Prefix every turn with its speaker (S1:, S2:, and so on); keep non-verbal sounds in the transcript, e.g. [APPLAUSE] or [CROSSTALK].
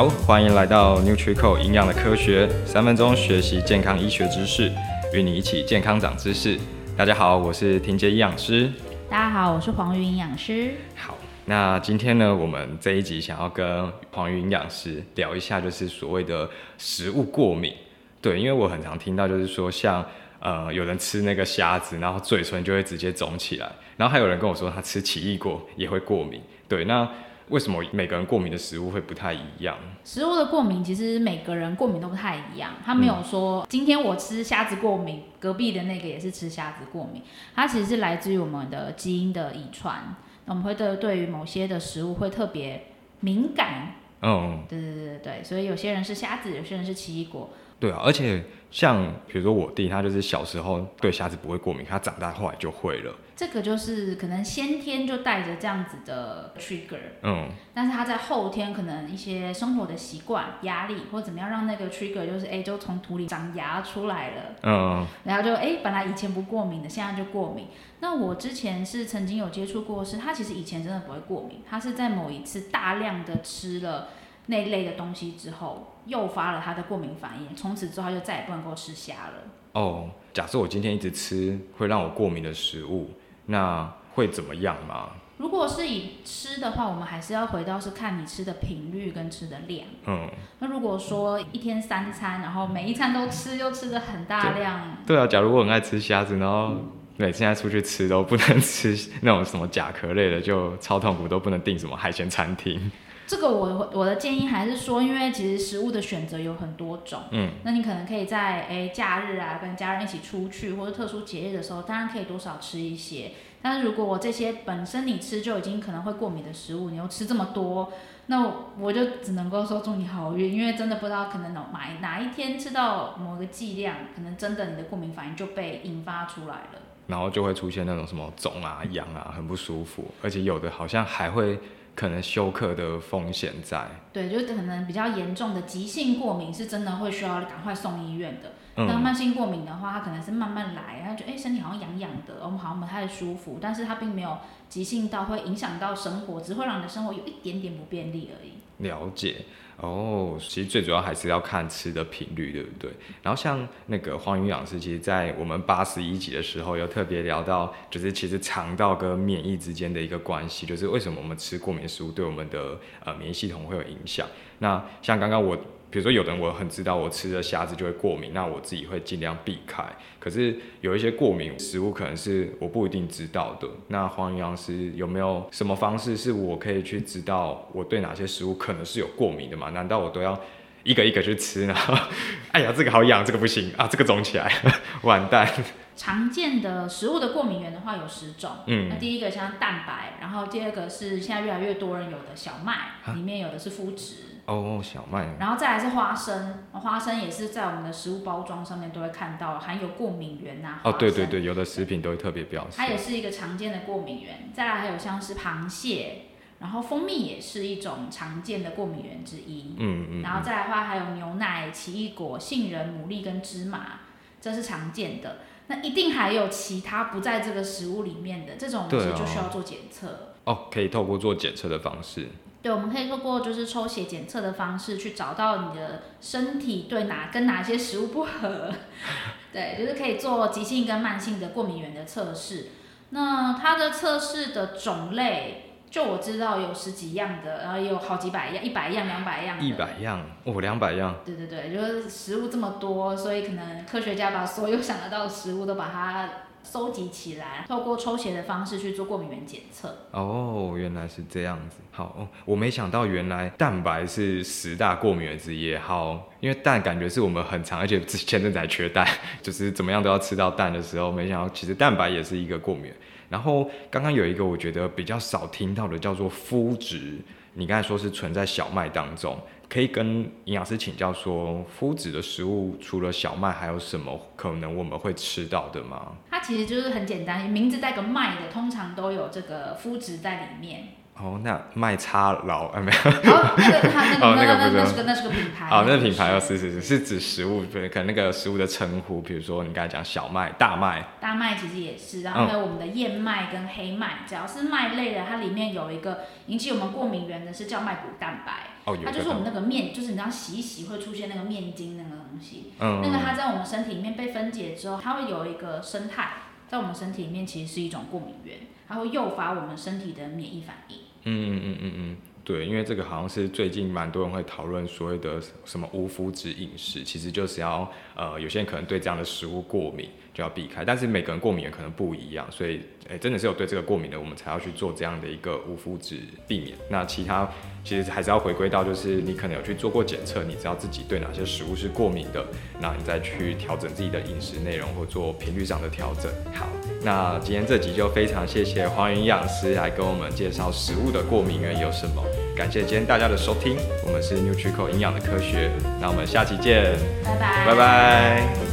S1: 好，歡迎來到 NutriCore 營養的科學，三分鐘學習健康醫學知識，與你一起健康長知識。大家好，我是庭頡營養師。
S2: 大家好，我是黃魚營養師。好，
S1: 那今天呢，我們這一集想要跟黃魚營養師聊一下，就是所謂的食物過敏。對，因為我很常聽到，就是說像呃有人吃那個蝦子，然後嘴唇就會直接腫起來。然後還有人跟我說，他吃奇異果也會過敏。對，那。為什麼每個人過敏的食物會不太一樣？
S2: 食物的過敏其實每個人過敏都不太一樣，他沒有說今天我吃蝦子過敏，隔壁的那個也是吃蝦子過敏，它其實是來自於我們的基因的遺傳，那我們會對於對於某些的食物會特別敏感。嗯，
S1: 對對對
S2: 對對，所以有些人是蝦子，有些人是奇異果。
S1: 對啊，而且像比如說我弟，他就是小時候對蝦子不會過敏，他長大後來就會了。
S2: 這個就是可能先天就帶着這樣子的 trigger，
S1: 嗯，
S2: 但是他在後天可能一些生活的習慣、壓力或怎麼樣讓那個 trigger 就是哎、欸，就從土裡長芽出來了，嗯，然後就哎、欸，本來以前不過敏的，現在就過敏。那我之前是曾經有接觸過是，是他其實以前真的不會過敏，他是在某一次大量的吃了。那一類的東西之後，誘發了他的過敏反應，從此之後就再也不能夠吃蝦了。
S1: 哦，假設我今天一直吃會讓我過敏的食物，那會怎麼樣嗎？
S2: 如果是以吃的話，我們還是要回到是看你吃的頻率跟吃的量。嗯。那如果說一天三餐，然後每一餐都吃，又、嗯、吃得很大量
S1: 對。對啊，假如我很愛吃蝦子，然後每次現在出去吃都不能吃那種什麼甲殼類的，就超痛苦，都不能訂什麼海鮮餐廳。
S2: 這個我我的建議還是說，因為其實食物的選擇有很多種，嗯，那你可能可以在誒假日啊，跟家人一起出去，或者特殊節日的時候，當然可以多少吃一些。但是如果我這些本身你吃就已經可能會過敏的食物，你又吃這麼多，那我就只能夠說祝你好運，因為真的不知道可能哪哪一天吃到某個劑量，可能真的你的過敏反應就被引發出來了，
S1: 然後就會出現那種什麼腫啊、癢啊，很不舒服，而且有的好像還會。可能休克的風險在，
S2: 對，就是可能比較嚴重的急性過敏，是真的會需要趕快送醫院的。那、嗯、慢性過敏的話，它可能是慢慢來，然後覺得哎、欸、身體好像癢癢的，我們好像不太舒服，但是它並沒有急性到會影響到生活，只會讓你的生活有一點點不便利而已。
S1: 了解哦，其實最主要還是要看吃的頻率，對不對？然後像那個黃魚營養師，其實，在我們八十一集的時候，有特別聊到，就是其實腸道跟免疫之間的一個關係，就是為什麼我們吃過敏食物對我們的呃免疫系統會有影響。那像剛剛我。比如說，有的人我很知道我吃的蝦子就會過敏，那我自己會盡量避開。可是有一些過敏食物，可能是我不一定知道的。那黃營養師有沒有什麼方式，是我可以去知道我對哪些食物可能是有過敏的嗎？難道我都要一個一個去吃呢？哎呀，這個好癢，這個不行啊，這個腫起來，完蛋。
S2: 常見的食物的過敏原的話，有十種，嗯，那第一個像蛋白，然後第二個是現在越來越多人有的小麥哈裡面有的是麩質，
S1: 哦，小麥、啊，
S2: 然後再來是花生，花生也是在我們的食物包裝上面都會看到含有過敏原吶、啊，哦，
S1: 對對對，有的食品都會特別標示，它也是
S2: 一個常見的過敏原，再來還有像是螃蟹，然後蜂蜜也是一種常見的過敏原之一，嗯，嗯嗯，然後再來的話還有牛奶、奇異果、杏仁、牡蠣跟芝麻，這是常見的。那一定還有其他不在這個食物裡面的這種，就需要做檢測
S1: 哦，哦。可以透過做檢測的方式，
S2: 對，我們可以透過就是抽血檢測的方式去找到你的身體對哪跟哪些食物不合， [LAUGHS] 對，就是可以做急性跟慢性的過敏原的測試。那它的測試的種類。就我知道有十幾樣的，然後也有好幾百樣，一百樣、兩百樣。一
S1: 百樣，哦，兩百樣。
S2: 對對對，就是食物這麼多，所以可能科學家把所有想得到的食物都把它。收集起來，透過抽血的方式去做過敏原檢測。
S1: 哦，原來是這樣子。好、哦，我沒想到原來蛋白是十大過敏原之一。好，因為蛋感覺是我們很常，而且之前正在缺蛋，就是怎麼樣都要吃到蛋的時候，沒想到其實蛋白也是一個過敏原。然後剛剛有一個我覺得比較少聽到的，叫做麩質。你剛才說是存在小麥當中，可以跟營養師請教說，麩質的食物除了小麥，還有什麼可能我們會吃到的嗎？
S2: 它其實就是很簡單，名字帶個麥的，通常都有這個麩質在裡面。
S1: 哦，oh, 那麥差勞啊、哎，沒有。哦，對，它那那面那那是個那
S2: 是個品牌。哦、oh，那個品
S1: 牌哦，是是是，是指食物，對，可能那個食物的稱呼，比如說你剛才講小麥、大麥。
S2: 大麥其實也是，然後還有、嗯、我們的燕麥跟黑麥，只要是麥類的，它裡面有一個引起我們過敏源的是叫麥谷蛋白。它就是我們那個面，就是你知道洗一洗會出現那個麵筋那個東西。嗯。那個它在我們身體裡面被分解之後，它會有一個生態，在我們身體裡面其實是一種過敏源，它會誘發我們身體的免疫反應。
S1: 嗯嗯嗯嗯，對，因為這個好像是最近蠻多人會討論所謂的什麼無麩質飲食，其實就是要呃，有些人可能對這樣的食物過敏，就要避開。但是每個人過敏也可能不一樣，所以誒、欸，真的是有對這個過敏的，我們才要去做這樣的一個無麩質避免。那其他其實還是要回歸到，就是你可能有去做過檢測，你知道自己對哪些食物是過敏的，那你再去調整自己的飲食內容或做頻率上的調整。好。那今天這集就非常謝謝黃魚營養師來跟我們介紹食物的過敏原有什麼，感謝今天大家的收聽，我們是 NutriCore 營養的科學，那我們下期見，拜拜，拜拜。